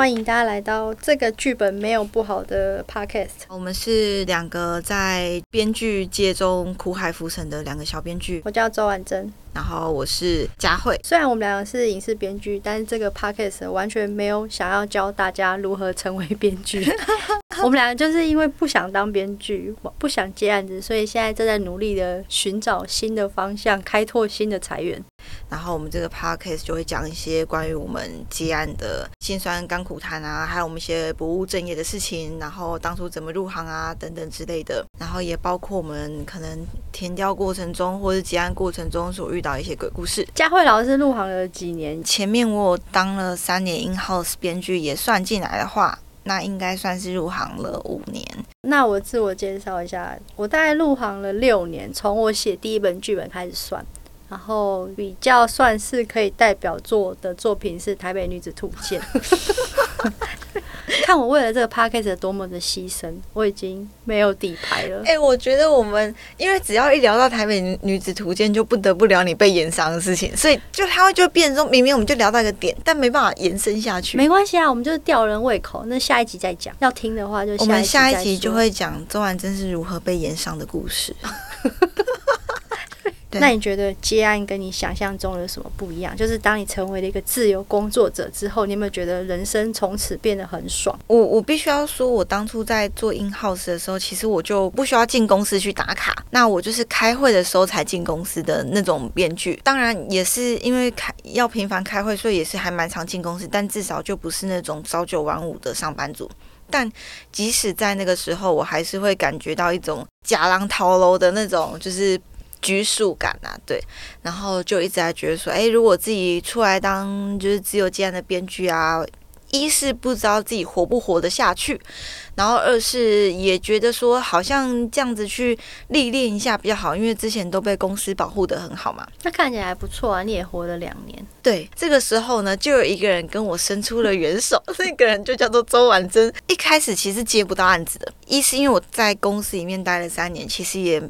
歡迎大家來到這個劇本沒有不好的 podcast。我們是兩個在編劇界中苦海浮沉的兩個小編劇。我叫周婉珍，然後我是佳慧。雖然我們兩個是影視編劇，但是這個 podcast 完全沒有想要教大家如何成為編劇。 我們兩個就是因為不想當編劇，不想接案子，所以現在正在努力的尋找新的方向，開拓新的財源。然後我們這個 podcast 就會講一些關於我們接案的辛酸、甘苦談啊，還有我們一些不務正業的事情，然後當初怎麼入行啊，等等之類的。然後也包括我們可能田調過程中或是接案過程中所遇到的一些鬼故事。佳慧老師入行了幾年？前面我當了三年 in house 編劇也算進來的話。那應該算是入行了五年。那我自我介紹一下，我大概入行了六年，從我寫第一本劇本開始算。然後比較算是可以代表作的作品是《台北女子圖鑑》。 看我為了這個 podcast 多麼的犧牲，我已經沒有底牌了。哎，我覺得我們因為只要一聊到台北女、女子圖鑑，就不得不聊你被延傷的事情，所以就他會就變成說，明明我們就聊到一個點，但沒辦法延伸下去。沒關係啊，我們就是吊人胃口，那下一集再講。要聽的話就下一集，就我們下一集就會講周婉珍是如何被延傷的故事。 那你覺得接案跟你想象中有什麼不一樣？就是當你成為了一個自由工作者之後，你有沒有覺得人生從此變得很爽？我我必須要說，我當初在做 in house 的時候，其實我就不需要進公司去打卡。那我就是開會的時候才進公司的那種編劇。當然也是因為開要頻繁開會，所以也是還蠻常進公司。但至少就不是那種朝九晚五的上班族。但即使在那個時候，我還是會感覺到一種假狼逃樓的那種，就是。拘束感啊，對，然後就一直在覺得說，哎、欸，如果自己出來當就是自由職業的編劇啊，一是不知道自己活不活得下去，然後二是也覺得說，好像這樣子去歷練一下比較好，因為之前都被公司保護得很好嘛。那看起來還不錯啊，你也活了兩年。對，這個時候呢，就有一個人跟我伸出了援手， 那個人就叫做周婉珍。一開始其實接不到案子的，一是因為我在公司裡面待了三年，其實也。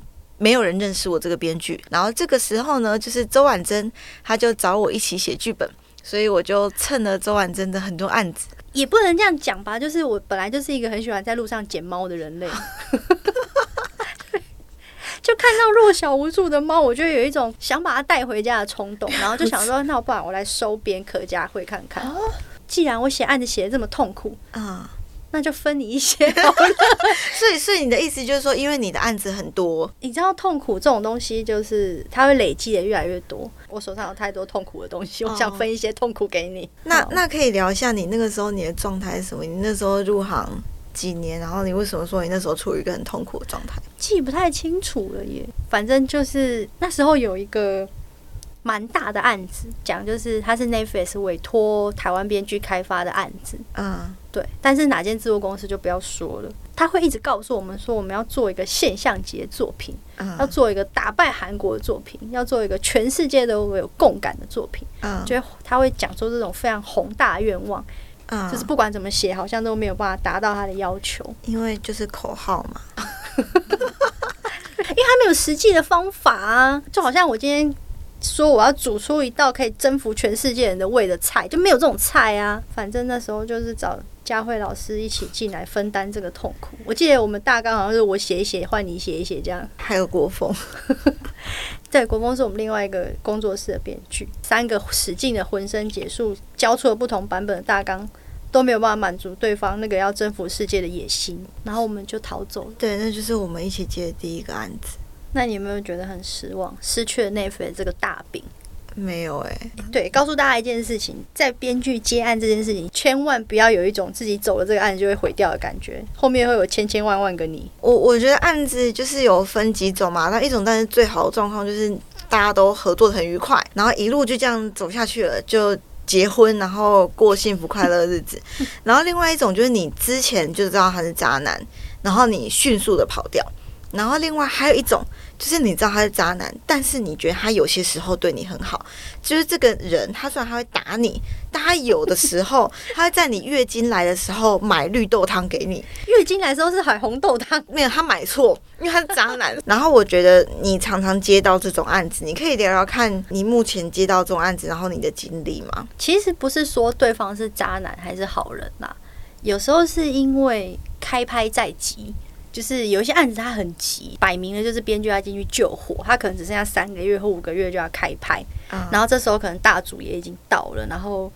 沒有人認識我這個編劇，然後這個時候呢，就是周婉珍她就找我一起寫劇本，所以我就蹭了周婉珍的很多案子，也不能這樣講吧，就是我本來就是一個很喜歡在路上撿貓的人類， 就看到弱小無助的貓，我就有一種想把它帶回家的衝動，然後就想說， 那我不然我來收編可家會看看，哦、既然我寫案子寫的這麼痛苦啊。嗯那就分你一些，所以，所以你的意思就是說，因為你的案子很多， 你知道痛苦這種東西就是它會累積的越來越多。我手上有太多痛苦的東西，我想分一些痛苦給你哦哦，那。那那可以聊一下你那個時候你的狀態是什麼？你那時候入行幾年？然後你為什麼說你那時候處於一個很痛苦的狀態？記不太清楚了耶，反正就是那時候有一個。蠻大的案子，講就是他是 Netflix 委託台灣編劇開發的案子。嗯，對，但是哪間制作公司就不要說了。他會一直告訴我們說，我們要做一個現象級的作品，嗯，要做一個打敗韓國的作品，要做一個全世界都有共感的作品。嗯，就會他會講說這種非常宏大願望。嗯，就是不管怎麼寫，好像都沒有辦法達到他的要求，因為就是口號嘛。 因為他沒有實際的方法啊，就好像我今天。說我要煮出一道可以征服全世界人的胃的菜，就沒有這種菜啊！反正那時候就是找佳慧老師一起進來分擔這個痛苦。我記得我們大綱好像是我寫一寫，換你寫一寫這樣。還有國風 ，對，國風是我們另外一個工作室的編劇，三個使勁的渾身解數，交出了不同版本的大綱，都沒有辦法滿足對方那個要征服世界的野心，然後我們就逃走了。對，那就是我們一起接的第一個案子。那你有沒有覺得很失望，失去了內啡這個大餅？沒有哎、欸欸。對，告訴大家一件事情，在編劇接案這件事情，千萬不要有一種自己走了這個案子就會毀掉的感覺。後面會有千千萬萬個你。我我覺得案子就是有分幾種嘛，那一種當然是最好的狀況，就是大家都合作得很愉快，然後一路就這樣走下去了，就結婚，然後過幸福快樂的日子。 然後另外一種就是你之前就知道他是渣男，然後你迅速的跑掉。然後另外還有一種就是你知道他是渣男，但是你覺得他有些時候對你很好，就是這個人他雖然他會打你，但他有的時候 他會在你月經來的時候買綠豆湯給你，月經來的時候是買紅豆湯，沒有他買錯，因為他是渣男。 然後我覺得你常常接到這種案子，你可以聊聊看你目前接到這種案子，然後你的經歷嗎？其實不是說對方是渣男還是好人啦、啊，有時候是因為開拍在即。就是有一些案子，他很急，擺明了就是編劇要進去救火，他可能只剩下三個月或五個月就要開拍，uh -huh. 然後這時候可能大主也已經到了，然後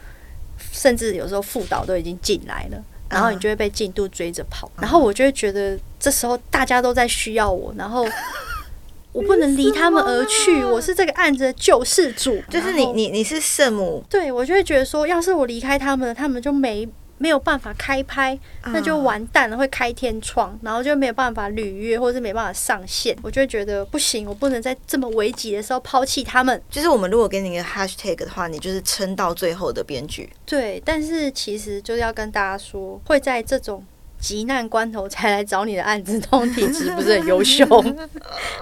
甚至有時候副導都已經進來了，然後你就會被進度追着跑，uh -huh. 然後我就會覺得這時候大家都在需要我，然後我不能離他們而去， 我是這個案子的救世主，就是你你你是聖母，對我就會覺得說，要是我離開他們，他們就沒。沒有辦法開拍，那就完蛋了。Uh, 會開天窗，然後就沒有辦法履約，或者是沒辦法上線。我就會覺得不行，我不能在這麼危急的時候拋棄他們。就是我們如果給你一個 hashtag 的話，你就是撐到最後的編劇。對，但是其實就是要跟大家說，會在這種。急難關頭才來找你的案子，這種體質不是很優秀。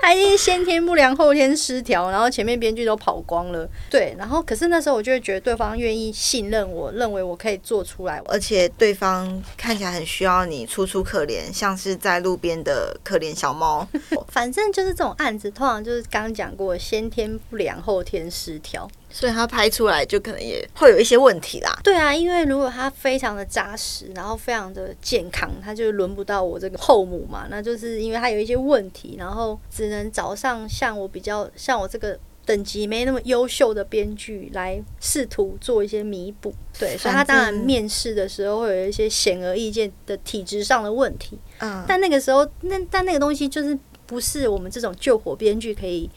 他 因為先天不良、後天失調，然後前面編劇都跑光了。對，然後可是那時候我就會覺得對方願意信任我，我認為我可以做出來，而且對方看起來很需要你，楚楚可憐，像是在路邊的可憐小貓。 反正就是這種案子，通常就是剛講過，先天不良、後天失調。所以他拍出來就可能也會有一些問題啦。對啊，因為如果他非常的扎實，然後非常的健康，他就輪不到我這個後母嘛。那就是因為他有一些問題，然後只能找上像我、比較像我這個等級沒那麼優秀的編劇來試圖做一些彌補。對，所以他當然面試的時候會有一些顯而易見的體質上的問題。嗯，但那個時候，那但那個東西就是不是我們這種救火編劇可以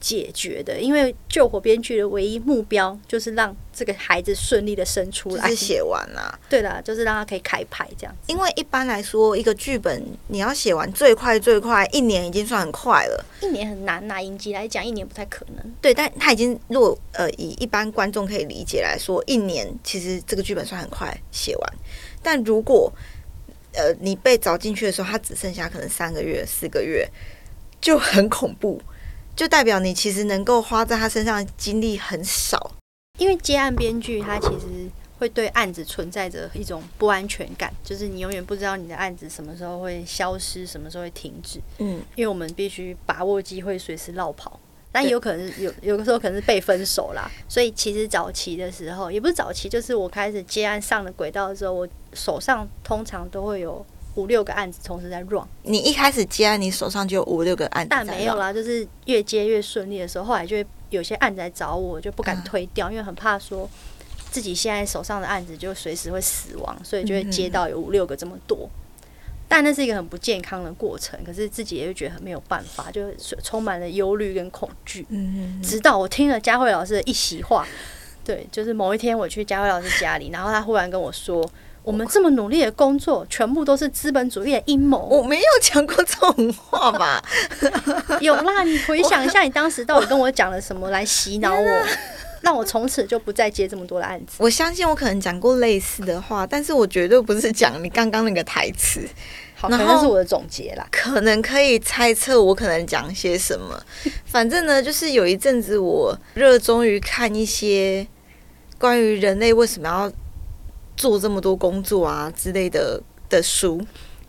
解決的，因為救火編劇的唯一目標就是讓這個孩子順利的生出來。寫、就是、完了、啊，對的，就是讓他可以開拍這樣。因為一般來說，一個劇本你要寫完，最快最快一年已經算很快了。一年很難拿影集來講，一年不太可能。對，但他已經，如果呃以一般觀眾可以理解來說，一年其實這個劇本算很快寫完。但如果呃你被找進去的時候，他只剩下可能三個月、四個月，就很恐怖。就代表你其實能夠花在他身上的精力很少，因為接案編劇他其實會對案子存在着一種不安全感，就是你永遠不知道你的案子什麼時候會消失，什麼時候會停止。嗯，因為我們必須把握機會，隨時落跑，但有可能有有的時候可能是被分手啦。所以其實早期的時候，也不是早期，就是我開始接案上了軌道的時候，我手上通常都會有，五六個案子同時在 run，你一開始接案，你手上就有五六個案子，但沒有啦，就是越接越順利的時候，後來就會有些案子來找我，就不敢推掉，嗯，因為很怕說自己現在手上的案子就隨時會死亡，所以就會接到有五六個這麼多、嗯。但那是一個很不健康的過程，可是自己也會覺得很沒有辦法，就充滿了憂慮跟恐懼，嗯。直到我聽了佳慧老師的一席話，對，就是某一天我去佳慧老師家裡， 然後他忽然跟我說。我們這麼努力的工作，全部都是資本主義的陰謀。我沒有講過這種話吧？ 有啦，你回想一下，你當時到底跟我講了什麼來洗腦我，我，讓我從此就不再接這麼多的案子。我相信我可能講過類似的話，但是我絕對不是講你剛剛那個台詞。好，這是我的總結啦。可能可以猜測我可能講些什麼。 反正呢，就是有一陣子我熱衷於看一些關於人類為什麼要。做這麼多工作啊之類的的書，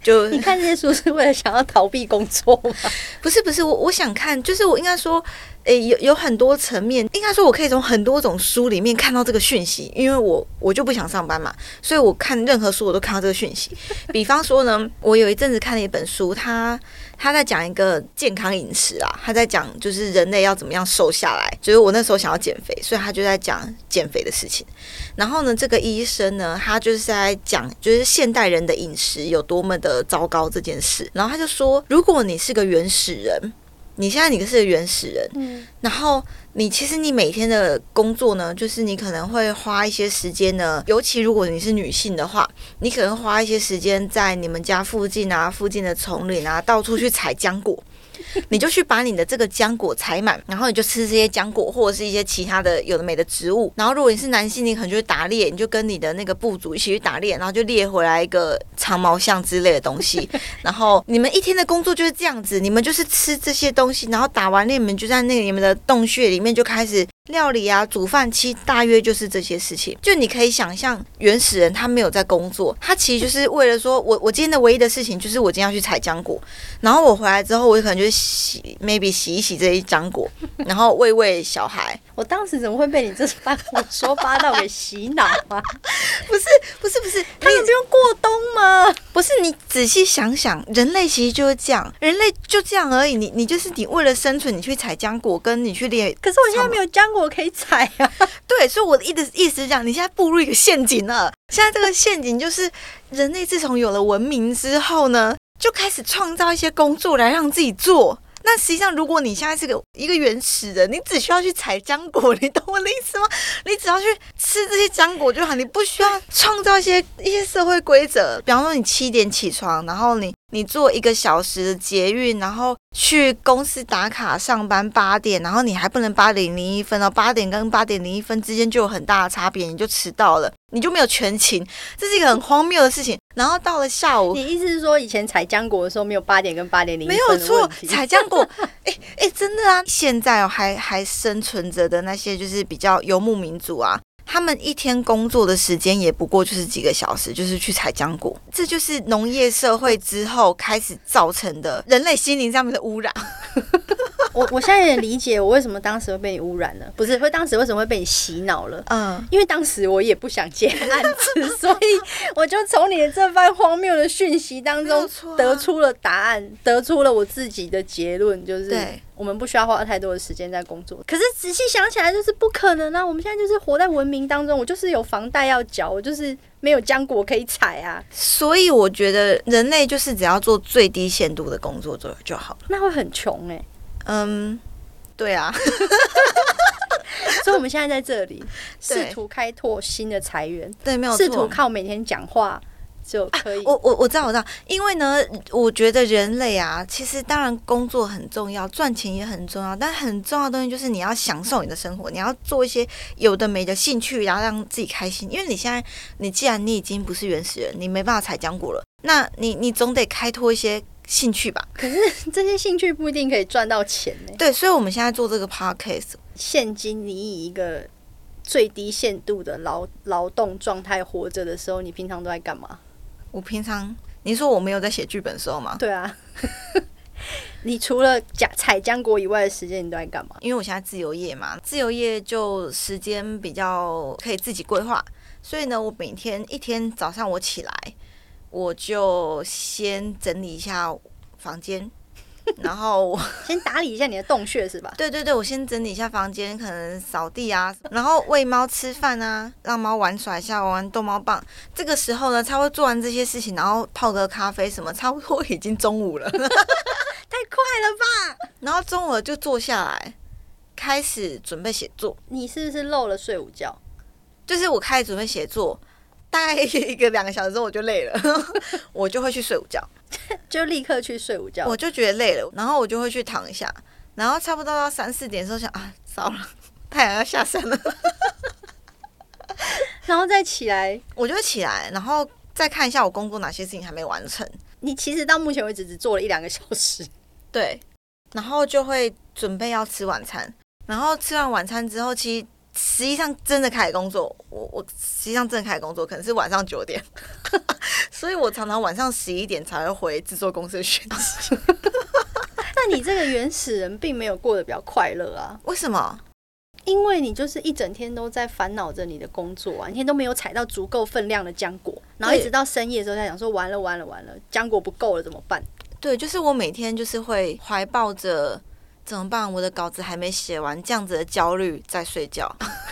就你看這些書是為了想要逃避工作嗎？ 不是不是，我我想看，就是我應該說。誒、欸，有有很多層面，應該說，我可以從很多種書裡面看到這個訊息，因為我我就不想上班嘛，所以我看任何書我都看到這個訊息。比方說呢，我有一陣子看了一本書，他他在講一個健康飲食啊，他在講就是人類要怎麼樣瘦下來，就是我那時候想要減肥，所以他就在講減肥的事情。然後呢，這個醫生呢，他就是在講就是現代人的飲食有多麼的糟糕這件事。然後他就說，如果你是個原始人。你現在你是原始人，嗯，然後你其實你每天的工作呢，就是你可能會花一些時間呢，尤其如果你是女性的話，你可能花一些時間在你們家附近啊、附近的叢林啊，到處去採漿果。你就去把你的這個漿果採滿，然後你就吃這些漿果，或者是一些其他的有的沒的植物。然後如果你是男性，你可能就打獵，你就跟你的那個部族一起去打獵，然後就獵回來一個長毛象之類的東西。然後你們一天的工作就是這樣子，你們就是吃這些東西，然後打完獵，你們就在那個你們的洞穴裡面就開始。料理啊，煮飯，其實大約就是這些事情。就你可以想象，原始人他沒有在工作，他其實就是為了說，我我今天的唯一的事情就是我今天要去採漿果，然後我回來之後，我就可能就洗，maybe 洗一洗這些漿果，然後餵餵小孩。 我當時怎麼會被你這番胡說八道給洗腦啊？ 不是不是不是，他也不用過冬嗎？不是，你仔細想想，人類其實就是這樣，人類就這樣而已。你你就是你為了生存，你去採漿果，跟你去獵。可是我現在沒有漿果。我可以踩啊！ 對，所以我的意思意思是講，你現在步入一個陷阱了。現在這個陷阱就是，人類自從有了文明之後呢，就開始創造一些工作來讓自己做。那實際上，如果你現在是個一個原始人，你只需要去採漿果，你懂我的意思嗎？你只要去吃這些漿果就好，你不需要創造一些一些社會規則，比方說你七點起床，然後你。你坐一個小時的捷運，然後去公司打卡上班八點，然後你還不能八點零一分哦，八點跟八點零一分之間就有很大的差別，你就遲到了，你就沒有全勤，這是一個很荒謬的事情。 然後到了下午，你意思是說以前採漿果的時候沒有八點跟八點零？沒有錯，採漿果，哎 哎、欸欸，真的啊，現在哦還還生存着的那些就是比較游牧民族啊。他們一天工作的時間也不過就是幾個小時，就是去採漿果。這就是農業社會之後開始造成的人類心靈上面的污染。 我我現在也理解我為什麼當時會被你污染了，不是，會當時為什麼會被你洗腦了？嗯，因為當時我也不想接案子，所以我就從你的這番荒謬的訊息當中得出了答案，啊、得出了我自己的結論，就是我們不需要花太多的時間在工作。可是仔細想起來，就是不可能啊！我們現在就是活在文明當中，我就是有房貸要繳，我就是沒有漿果可以採啊。所以我覺得人類就是只要做最低限度的工作作就好了。那會很窮哎、欸。嗯，對啊。 所以我們現在在這裡試圖開拓新的財源，對，沒有，試圖靠每天講話。就可以，啊。我我我知道我知道。因為呢，我覺得人類啊，其實當然工作很重要，賺錢也很重要，但很重要的東西就是你要享受你的生活，你要做一些有的沒的興趣，然後讓自己開心。因為你現在，你既然你已經不是原始人，你沒辦法採漿果了，那你你總得開拓一些興趣吧？可是這些興趣不一定可以賺到錢呢。對，所以我們現在做這個 podcast。現今你以一個最低限度的勞勞動狀態活着的時候，你平常都在幹嘛？我平常，你說我沒有在寫劇本的時候嗎？對啊， 你除了夾採漿果以外的時間，你都在幹嘛？因為我現在自由業嘛，自由業就時間比較可以自己規劃，所以呢，我每天一天早上我起來，我就先整理一下房間。 然後先打理一下你的洞穴是吧？對對對，我先整理一下房間，可能掃地啊，然後餵貓吃飯啊，讓貓玩耍一下，玩玩逗貓棒。這個時候呢，差不多做完這些事情，然後泡個咖啡什麼，差不多已經中午了。 太快了吧！然後中午了就坐下來開始準備寫作。你是不是漏了睡午覺？就是我開始準備寫作。大概一個兩個小時之後我就累了 我就會去睡午覺，就立刻去睡午覺。我就覺得累了，然後我就會去躺一下，然後差不多到三四點的時候想啊，糟了，太陽要下山了 然後再起來，我就起來，然後再看一下我工作哪些事情還沒完成。你其實到目前為止只做了一兩個小時，對，然後就會準備要吃晚餐，然後吃完晚餐之後，其實。實際上真的開始工作，我我實際上真的開始工作，可能是晚上九點呵呵，所以我常常晚上十一點才會回製作公司休息 那你這個原始人並沒有過得比較快樂啊？為什麼？因為你就是一整天都在煩惱着你的工作啊，一天都沒有採到足夠分量的漿果，然後一直到深夜的時候在想說完了完了完了，漿果不夠了怎麼辦？對，就是我每天就是會懷抱着。怎麼辦？我的稿子還沒寫完，這樣子的焦慮在睡覺。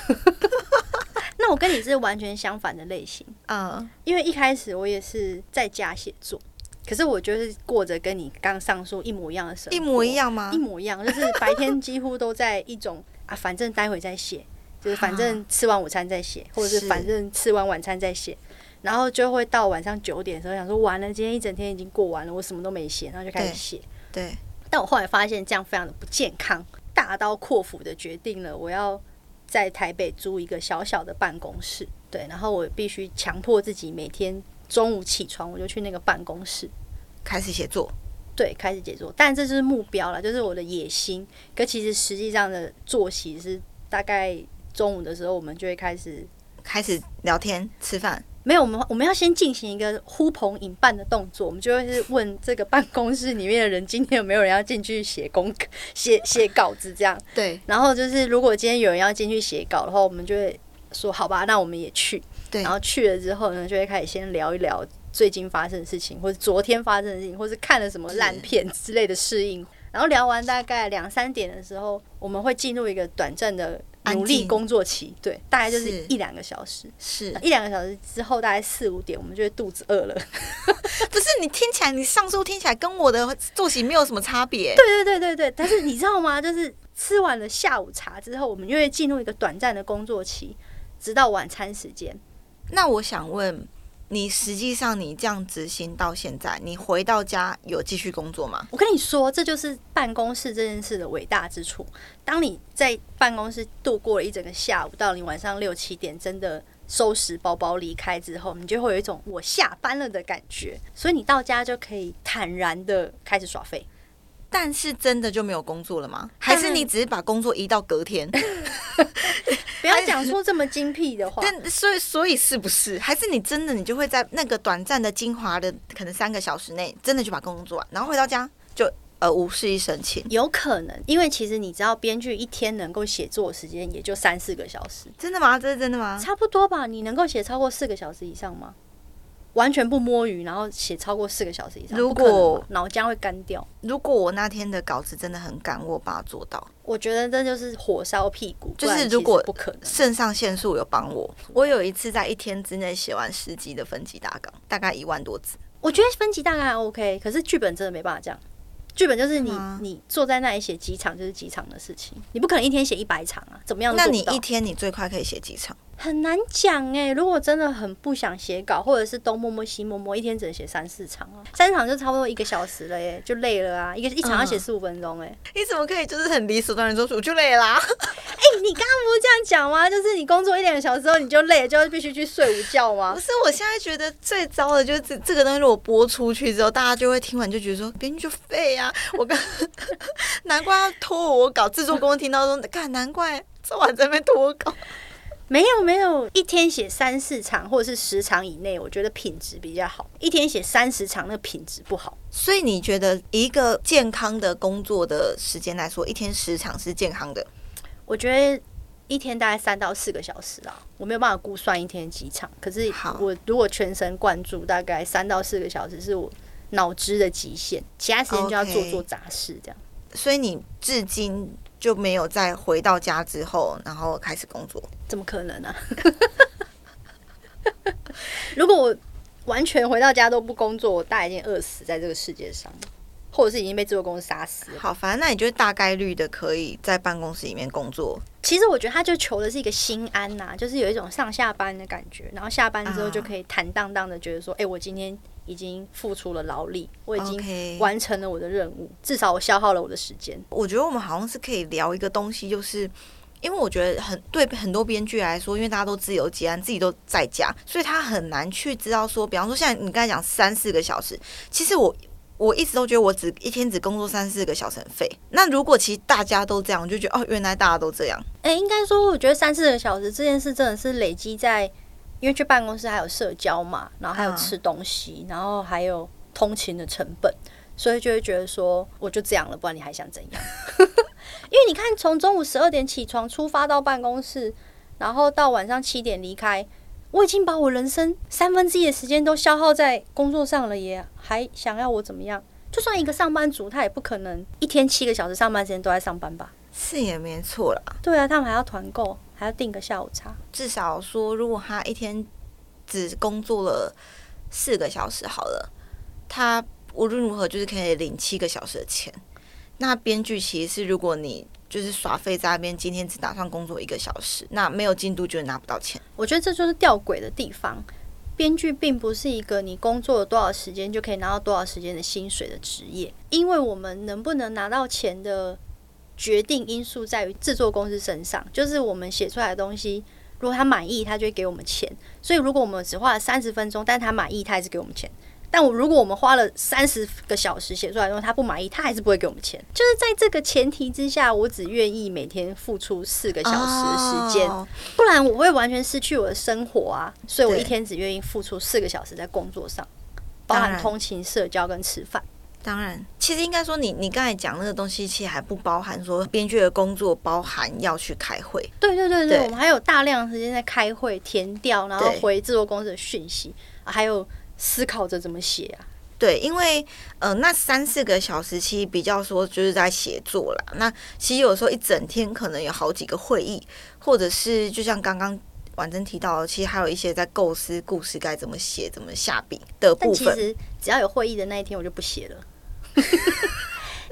那我跟你是完全相反的類型啊，uh, 因為一開始我也是在家寫作，可是我就是過着跟你剛上述一模一樣的生活。一模一樣嗎？一模一樣，就是白天幾乎都在一種 啊，反正待會再寫，就是反正吃完午餐再寫，或者是反正吃完晚餐再寫，然後就會到晚上九點的時候想說完了，今天一整天已經過完了，我什麼都沒寫，然後就開始寫。對。對但我後來發現這樣非常的不健康，大刀闊斧的決定了我要在台北租一個小小的辦公室，對，然後我必須強迫自己每天中午起床，我就去那個辦公室開始寫作，對，開始寫作，但這就是目標了，就是我的野心。可其實實際上的作息是，大概中午的時候我們就會開始。開始聊天吃飯。沒有，我們我們要先進行一個呼朋引伴的動作。我們就會問這個辦公室裡面的人， 今天有沒有人要進去寫功課、寫寫稿子？這樣。對。然後就是如果今天有人要進去寫稿的話，我們就會說好吧，那我們也去。對。然後去了之後呢，就會開始先聊一聊最近發生的事情，或者昨天發生的事情，或是看了什麼爛片之類的適應。然後聊完大概兩三點的時候，我們會進入一個短暫的。努力工作期，對，大概就是一兩個小時，是一兩個小時之後，大概四五點，我們就會肚子餓了。 不是，你聽起來，你上述聽起來跟我的作息沒有什麼差別。對對對對對，對，但是你知道嗎？ 就是吃完了下午茶之後，我們就會進入一個短暫的工作期，直到晚餐時間。那我想問。你實際上你這樣執行到現在，你回到家有繼續工作嗎？我跟你說，這就是辦公室這件事的偉大之處。當你在辦公室度過了一整個下午，到你晚上六七點真的收拾包包離開之後，你就會有一種我下班了的感覺。所以你到家就可以坦然的開始耍廢。但是真的就沒有工作了嗎？還是你只是把工作移到隔天？ 不要講出這麼精闢的話。但，但所以所以是不是？還是你真的你就會在那個短暫的精華的可能三個小時內，真的就把工作做完，然後回到家就呃無事一身輕。有可能，因為其實你知道，編劇一天能夠寫作時間也就三四個小時。真的嗎？這是真的嗎？差不多吧。你能夠寫超過四個小時以上嗎？完全不摸魚，然後寫超過四個小時以上，如果腦漿會乾掉。如果我那天的稿子真的很乾，我把它做到。我覺得這就是火燒屁股，就是如果不可能，腎上腺素有幫我。我有一次在一天之內寫完十集的分集大綱，大概一萬多字。我覺得分集大綱還 OK，可是劇本真的沒辦法講。劇本就是你、啊、你坐在那裡寫幾場就是幾場的事情，你不可能一天寫一百場啊！怎麼樣？那你一天你最快可以寫幾場？很難講哎、欸，如果真的很不想寫稿，或者是東摸摸西摸摸，一天只能寫三四場哦、啊，三場就差不多一個小時了哎、欸，就累了啊，一個一場要寫四五分鐘哎、欸嗯，你怎麼可以就是很理所當然說我就累啦、啊？哎、欸，你剛剛不是這樣講嗎？就是你工作一兩個小時之後你就累了，就必須去睡午覺嗎？不是，我現在覺得最糟的就是這個東西，我播出去之後，大家就會聽完就覺得說，給你就廢啊！我剛 難怪要拖我，我搞製作，工人聽到說，看難怪這晚在被拖稿。沒有沒有，一天寫三四場或者是十場以內，我覺得品質比較好。一天寫三十場，那品質不好。所以你覺得一個健康的工作的時間來說，一天十場是健康的？我覺得一天大概三到四個小時啦，我沒有辦法估算一天幾場。可是我如果全神貫注，大概三到四個小時是我腦汁的極限，其他時間就要做做雜事這樣。Okay, 所以你至今、嗯。就沒有在回到家之後，然後開始工作。怎麼可能呢、啊 ？ 如果我完全回到家都不工作，我大概已經餓死在這個世界上或者是已經被製作公司殺死了。好，反正那你就大概率的可以在辦公室裡面工作。其實我覺得他就求的是一個心安吶、啊，就是有一種上下班的感覺，然後下班之後就可以坦蕩蕩的覺得說，哎、啊欸，我今天已經付出了勞力，我已經完成了我的任務，Okay. 至少我消耗了我的時間。我覺得我們好像是可以聊一個東西，就是因為我覺得很對很多編劇來說，因為大家都自由接案，自己都在家，所以他很難去知道說，比方說現在你剛才講三四個小時，其實我。我一直都覺得我只一天只工作三四個小時，廢。那如果其實大家都這樣，我就覺得哦，原來大家都這樣。哎、欸，應該說，我覺得三四個小時這件事真的是累積在，因為去辦公室還有社交嘛，然後還有吃東西、嗯，然後還有通勤的成本，所以就會覺得說，我就這樣了，不然你還想怎樣？ 因為你看，從中午十二點起床出發到辦公室，然後到晚上七點離開。我已經把我人生三分之一的時間都消耗在工作上了，也還想要我怎麼樣？就算一個上班族，他也不可能一天七個小時上班時間都在上班吧？是也沒錯啦。對啊，他們還要團購，還要訂個下午茶。至少說，如果他一天只工作了四個小時好了，他無論如何就是可以領七個小時的錢。那編劇其實是如果你。就是耍廢在那邊，今天只打算工作一個小時，那沒有進度就拿不到錢。我覺得這就是吊詭的地方。編劇並不是一個你工作了多少時間就可以拿到多少時間的薪水的職業，因為我們能不能拿到錢的決定因素在於制作公司身上，就是我們寫出來的東西，如果他滿意，他就會給我們錢。所以如果我們只花了三十分鐘，但他滿意，他也是給我們錢。但我如果我們花了三十個小時寫出來，如果他不滿意，他還是不會給我們錢。就是在這個前提之下，我只願意每天付出四個小時時間，不然我會完全失去我的生活啊。所以我一天只願意付出四個小時在工作上，包含通勤、社交跟吃飯。當然，其實應該說你，你你剛才講那個東西，其實還不包含說編劇的工作，包含要去開會。對對對對，對我們還有大量的時間在開會、填調，然後回製作公司的訊息、啊，還有。思考着怎麼寫啊？對，因為呃，那三四個小時其實比較說就是在寫作啦。那其實有時候一整天可能有好幾個會議，或者是就像剛剛婉珍提到的，其實還有一些在構思故事該怎麼寫、怎麼下筆的部分。但其實只要有會議的那一天，我就不寫了。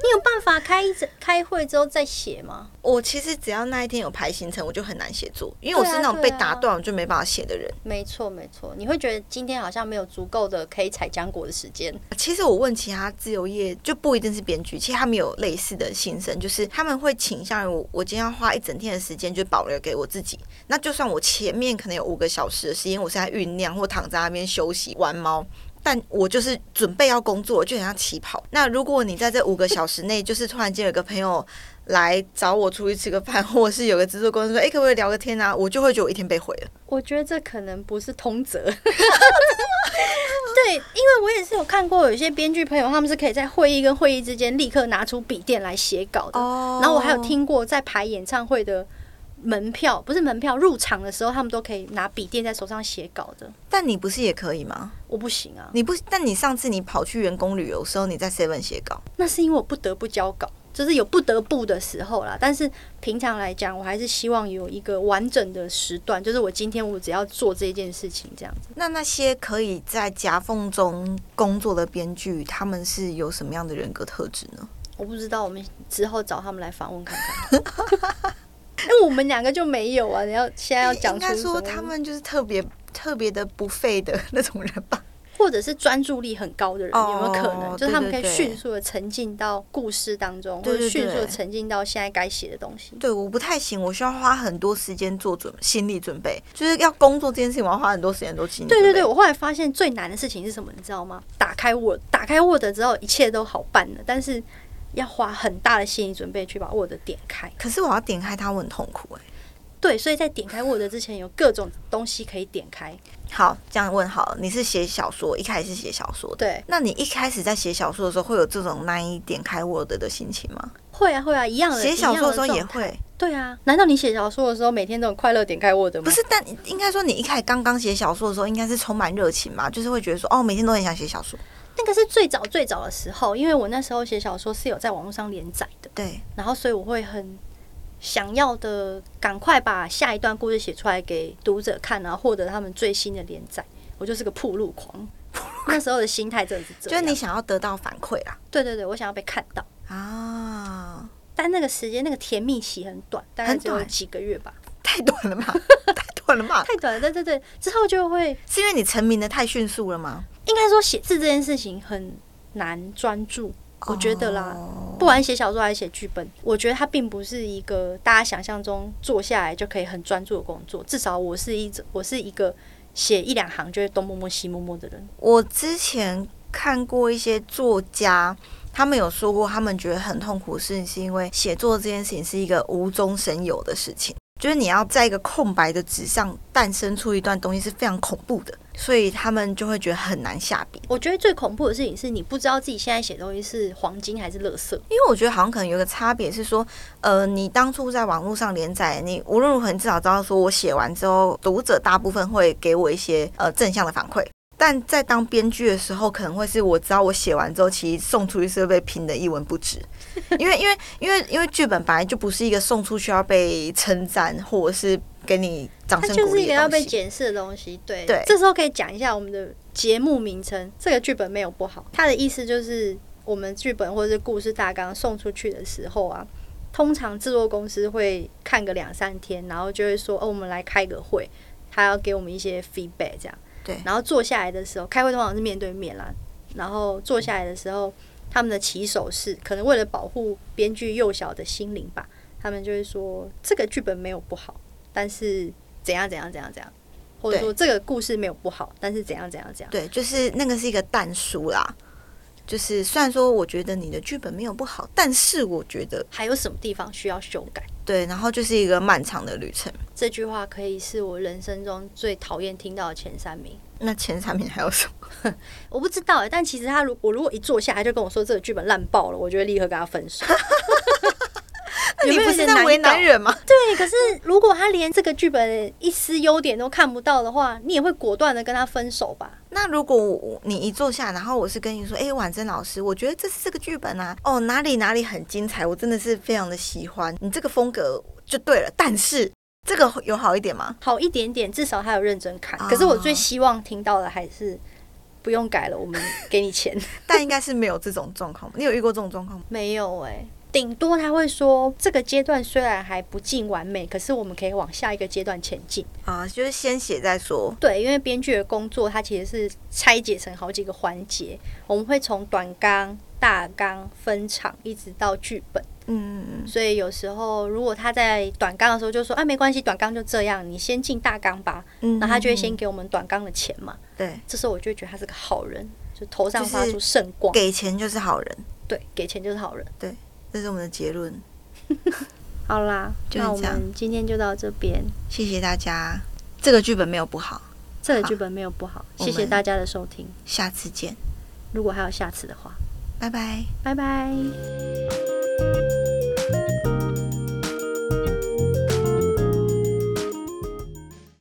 你有辦法開一整開會之後再寫嗎？我其實只要那一天有排行程，我就很難寫作，因為我是那種被打斷我就沒辦法寫的人。對啊對啊，沒錯沒錯，你會覺得今天好像沒有足夠的可以採漿果的時間。其實我問其他自由業就不一定是編劇，其實他們有類似的心聲，就是他們會傾向於我，我今天要花一整天的時間就保留給我自己。那就算我前面可能有五個小時的時間，我是在醞釀或躺在那邊休息玩貓。但我就是準備要工作，就很像起跑。那如果你在這五個小時內，就是突然間有個朋友來找我出去吃個飯， 或是有個製作公司說：“哎、欸，可不可以聊個天啊？”我就會覺得我一天被毀了。我覺得這可能不是通則。 對，因為我也是有看過，有些編劇朋友他們是可以在會議跟會議之間立刻拿出筆電來寫稿的。Oh. 然後我還有聽過在排演唱會的。門票不是門票，入場的時候他們都可以拿筆電在手上寫稿的。但你不是也可以嗎？我不行啊。你不？但你上次你跑去員工旅遊的時候，你在 Seven 寫稿，那是因為我不得不交稿，就是有不得不的時候啦。但是平常來講，我還是希望有一個完整的時段，就是我今天我只要做這件事情這樣子。那那些可以在夾縫中工作的編劇，他們是有什麼樣的人格特質呢？我不知道，我們之後找他們來訪問看看。 那 我們兩個就沒有啊！你要現在要講什麼？應該說他們就是特別特別的不廢的那種人吧，或者是專注力很高的人，oh, 有沒有可能？就是他們可以迅速的沉浸到故事當中，對對對，或者迅速的沉浸到現在該寫的東西，對對對。對，我不太行，我需要花很多時間做準心理準備，就是要工作這件事情，我要花很多時間做心理準備。對對對，我後來發現最難的事情是什麼，你知道嗎？打開 Word，打開 Word 之後，一切都好辦了，但是。要花很大的心理準備去把 Word 點開，可是我要點開它，我很痛苦哎。對，所以在點開 Word 之前，有各種東西可以點開。 好，這樣問好了，你是寫小說，一開始寫小說的，對，那你一開始在寫小說的時候，會有這種難以點開 Word 的心情嗎？會啊，會啊，一樣的。寫小說的時候也會。對啊，難道你寫小說的時候，每天都很快樂點開 Word 嗎？不是，但應該說你一開始剛剛寫小說的時候，應該是充滿熱情嘛，就是會覺得說，哦，每天都很想寫小說。那個是最早最早的時候，因為我那時候寫小說是有在網絡上連載的，對，然後所以我會很想要的，趕快把下一段故事寫出來給讀者看，然後獲得他們最新的連載。我就是個暴露狂， 那時候的心態正是這樣，就是你想要得到反饋啊，對對對，我想要被看到啊。但那個時間那個甜蜜期很短，大概只有幾個月吧，太短了吧，太短了吧， 太短了。對對對，對，之後就會是因為你成名的太迅速了嗎？應該說，寫字這件事情很難專注，我覺得啦。不管寫小說，還寫劇本，我覺得它並不是一個大家想象中坐下來就可以很專注的工作。至少我是一，我是一個寫一兩行就會東摸摸西摸摸的人。我之前看過一些作家，他們有說過，他們覺得很痛苦，是是因為寫作這件事情是一個無中生有的事情。就是你要在一個空白的紙上誕生出一段東西是非常恐怖的，所以他們就會覺得很難下筆。我覺得最恐怖的事情是你不知道自己現在寫的東西是黃金還是垃圾。因為我覺得好像可能有個差別是說，呃，你當初在網絡上連載，你無論如何你至少知道說我寫完之後讀者大部分會給我一些呃正向的反饋。但在當編劇的時候，可能會是我知道我寫完之後，其實送出去是會被拼得一文不值，因為因為因為因為劇本，本本來就不是一個送出去要被稱讚，或者是給你掌聲鼓勵的東西，它就是一個要被檢視的東西。對，對，對，這時候可以講一下我們的節目名稱。這個劇本沒有不好，它的意思就是我們劇本或者是故事大綱送出去的時候啊，通常制作公司會看個兩三天，然後就會說哦，我們來開個會，他要給我們一些 feedback 這樣。對，然後坐下來的時候，開會通常是面對面啦。然後坐下來的時候，他們的起手式可能為了保護編劇幼小的心靈吧，他們就會說，這個劇本沒有不好，但是怎樣怎樣怎樣怎樣，或者說這個故事沒有不好，但是怎樣怎樣怎樣。對，就是那個是一個淡書啦，就是雖然說我覺得你的劇本沒有不好，但是我覺得還有什麼地方需要修改。對，然後就是一個漫長的旅程。這句話可以是我人生中最討厭聽到的前三名。那前三名還有什麼？我不知道哎、欸。但其實他如我如果一坐下來就跟我說這個劇本爛爆了，我就會立刻跟他分手。 那你不是在為難人嗎？對。可是如果他連這個劇本一絲優點都看不到的話，你也會果斷的跟他分手吧？那如果你一坐下，然後我是跟你說，哎、欸，婉珍老師，我覺得這是這個劇本啊，哦，哪裡哪裡很精彩，我真的是非常的喜歡你這個風格就對了。但是這個有好一點嗎？好一點點，至少他有認真看，哦。可是我最希望聽到的還是不用改了，我們給你錢。 但應該是沒有這種狀況，你有遇過這種狀況嗎？沒有，欸？哎。頂多他會說，這個階段雖然還不盡完美，可是我們可以往下一個階段前進。啊，就是先寫再說。對，因為編劇的工作，他其實是拆解成好幾個環節。我們會從短綱、大綱、分場，一直到劇本。嗯嗯。所以有時候，如果他在短綱的時候就說：“哎、啊，沒關係，短綱就這樣，你先進大綱吧。”嗯，那他就會先給我們短綱的錢嘛。對、嗯。這時候我就覺得他是個好人，就頭上發出聖光，就是、給錢就是好人。對，給錢就是好人。對。這是我們的結論。 好啦，那我們今天就到這邊，謝謝大家。這個劇本沒有不好，這個劇本沒有不好，好，謝謝大家的收聽，下次見。如果還有下次的話，拜拜，拜拜。